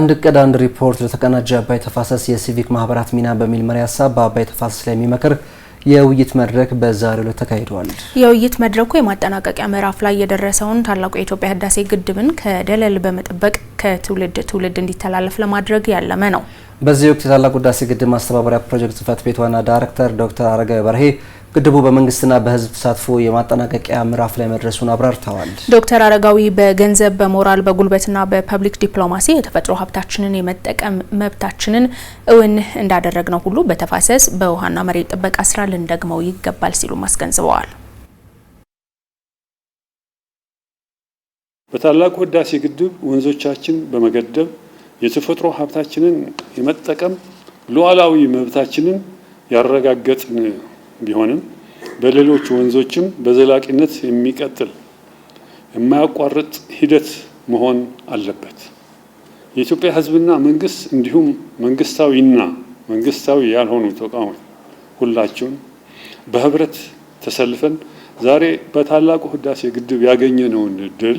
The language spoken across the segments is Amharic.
አንድ እቅድ አንድ ሪፖርት ለተቀናጀ አባይ ተፋሰስ የሲቪክ ማህበራት ሚና በሚል መሪ ሀሳብ በአባይ ተፋሰስ ላይ የሚመክር የውይይት መድረክ በዛሬው ዕለት ተካሂዷል። የውይይት መድረኩ የማጠናቀቂያ ምዕራፍ ላይ የደረሰውን ታላቁ የኢትዮጵያ ህዳሴ ግድብን ከደለል በመጠበቅ ከትውልድ ትውልድ እንዲተላለፍ ለማድረግ ያለመ ነው። በዚህ ወቅት የታላቁ ህዳሴ ግድብ ማስተባበሪያ ፕሮጀክት ጽህፈት ቤት ዋና ዳይሬክተር ዶክተር አረጋዊ በርሄ ግድቡ በመንግስትና በህዝብ ተሳትፎ የማጠናቀቂያ ምዕራፍ ላይ መድረሱን አብራርተዋል። ዶክተር አረጋዊ በገንዘብ በሞራል በጉልበትና በፐብሊክ ዲፕሎማሲ የተፈጥሮ ሀብታችንን የመጠቀም መብታችንን እውን እንዳደረግነው ሁሉ በተፋሰስ በውሃና መሬት ጥበቃ ስራ ልንደግመው ይገባል ሲሉ አስገንዝበዋል። በታላቁ ህዳሴ ግድብ ወንዞቻችን በመገደብ የተፈጥሮ ሀብታችንን የመጠቀም ሉዓላዊ መብታችንን ያረጋገጥን ቢሆንም በሌሎች ወንዞችም በዘላቂነት የሚቀጥል የማያቋርጥ ሂደት መሆን አለበት። የኢትዮጵያ ሕዝብና መንግስት እንዲሁም መንግስታዊና መንግስታዊ ያልሆኑ ተቋሞች ሁላችሁም በህብረት ተሰልፈን ዛሬ በታላቁ ህዳሴ ግድብ ያገኘነውን ድል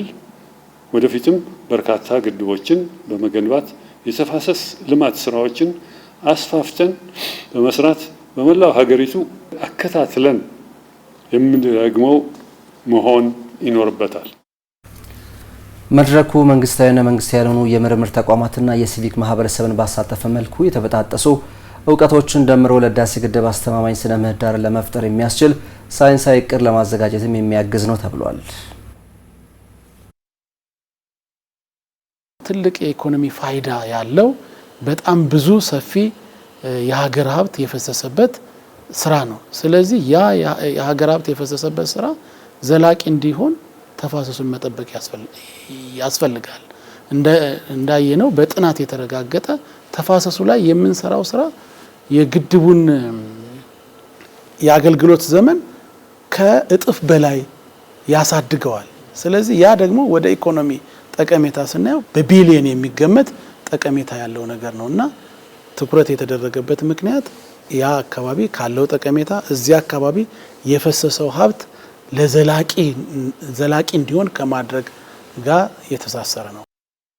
ወደፊትም በርካታ ግድቦችን በመገንባት የተፋሰስ ልማት ስራዎችን አስፋፍተን በመስራት በመላው ሀገሪቱ አከታትለን የምንደግመው መሆን ይኖርበታል። መድረኩ መንግስታዊና መንግስት ያልሆኑ የምርምር ተቋማትና የሲቪክ ማህበረሰብን ባሳተፈ መልኩ የተበጣጠሱ እውቀቶችን ደምሮ ለህዳሴ ግድብ አስተማማኝ ስነ ምህዳርን ለመፍጠር የሚያስችል ሳይንሳዊ እቅድ ለማዘጋጀትም የሚያግዝ ነው ተብሏል። ትልቅ የኢኮኖሚ ፋይዳ ያለው በጣም ብዙ ሰፊ የሀገር ሀብት የፈሰሰበት ስራ ነው። ስለዚህ ያ የሀገር ሀብት የፈሰሰበት ስራ ዘላቂ እንዲሆን ተፋሰሱን መጠበቅ ያስፈልጋል። እንዳየ ነው በጥናት የተረጋገጠ ተፋሰሱ ላይ የምንሰራው ስራ የግድቡን የአገልግሎት ዘመን ከእጥፍ በላይ ያሳድገዋል። ስለዚህ ያ ደግሞ ወደ ኢኮኖሚ ጠቀሜታ ስናየው በቢሊየን የሚገመት ጠቀሜታ ያለው ነገር ነው እና ትኩረት የተደረገበት ምክንያት ያ አካባቢ ካለው ጠቀሜታ እዚያ አካባቢ የፈሰሰው ሀብት ለዘላቂ እንዲሆን ከማድረግ ጋር የተሳሰረ ነው።